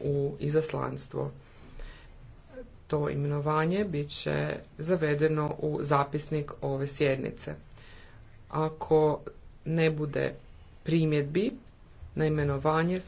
u izaslanstvo. To imenovanje bit će zavedeno u zapisnik ove sjednice. Ako ne bude primjedbi na imenovanje,